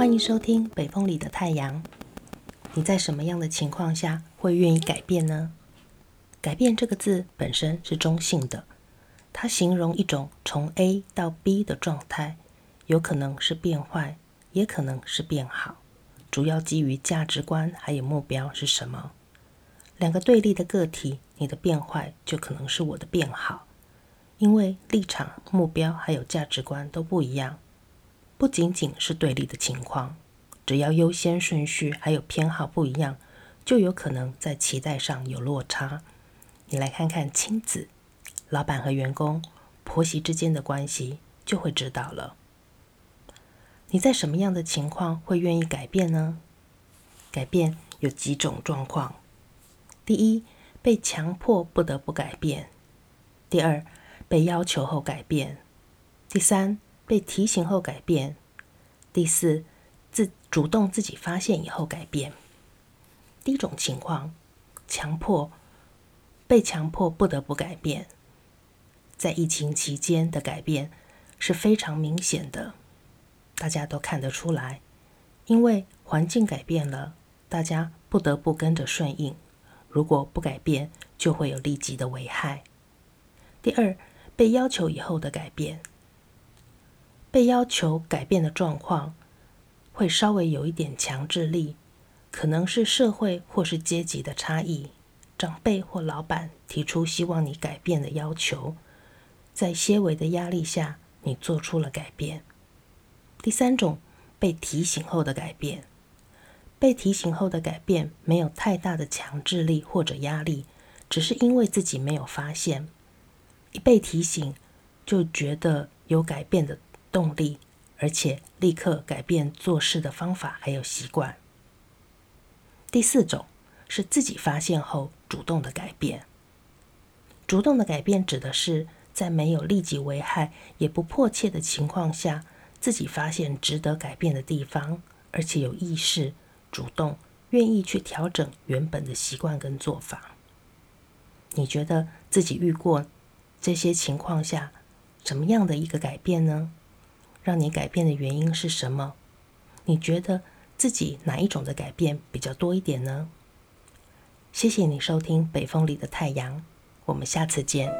歡迎收聽《北風裡的太陽》。你在什麼樣的情況下會願意改變呢？改變這個字本身是中性的，它形容一種從 A 到 B 的狀態，有可能是變壞，也可能是變好。主要基於價值觀還有目標是什麼。兩個對立的個體，你的變壞就可能是我的變好，因為立場、目標還有價值觀都不一樣。不僅僅是對立的情況，只要優先順序還有偏好不一樣，就有可能在期待上有落差。你來看看親子、老板和員工、婆媳之間的關係，就會知道了。你在什麼樣的情況會願意改變呢？改變有幾種狀況：第一，被強迫不得不改變；第二，被要求後改變；第三，被提醒後改變，第四，自主動自己發現以後改變。第一種情況，強迫，被強迫不得不改變。在疫情期間的改變是非常明顯的，大家都看得出來，因為環境改變了，大家不得不跟着順應，如果不改變，就會有立即的危害。第二，被要求以後的改變。被要求改變的狀況會稍微有一點強制力，可能是社會或是階級的差異，長輩或老闆提出希望你改變的要求，在些微的壓力下，你做出了改變。第三種，被提醒後的改變，被提醒後的改變沒有太大的強制力或者壓力，只是因為自己沒有發現，一被提醒就覺得有改變的動力，而且立刻改變做事的方法還有習慣。第四種是自己發現後主動的改變。主動的改變指的是在沒有立即危害也不迫切的情況下，自己發現值得改變的地方，而且有意識、主動、願意去調整原本的習慣跟做法。你覺得自己遇過這些情況下，什麼樣的一個改變呢？讓你改變的原因是什麼？你覺得自己哪一種的改變比較多一點呢？謝謝你收聽《北風裡的太陽》，我們下次見。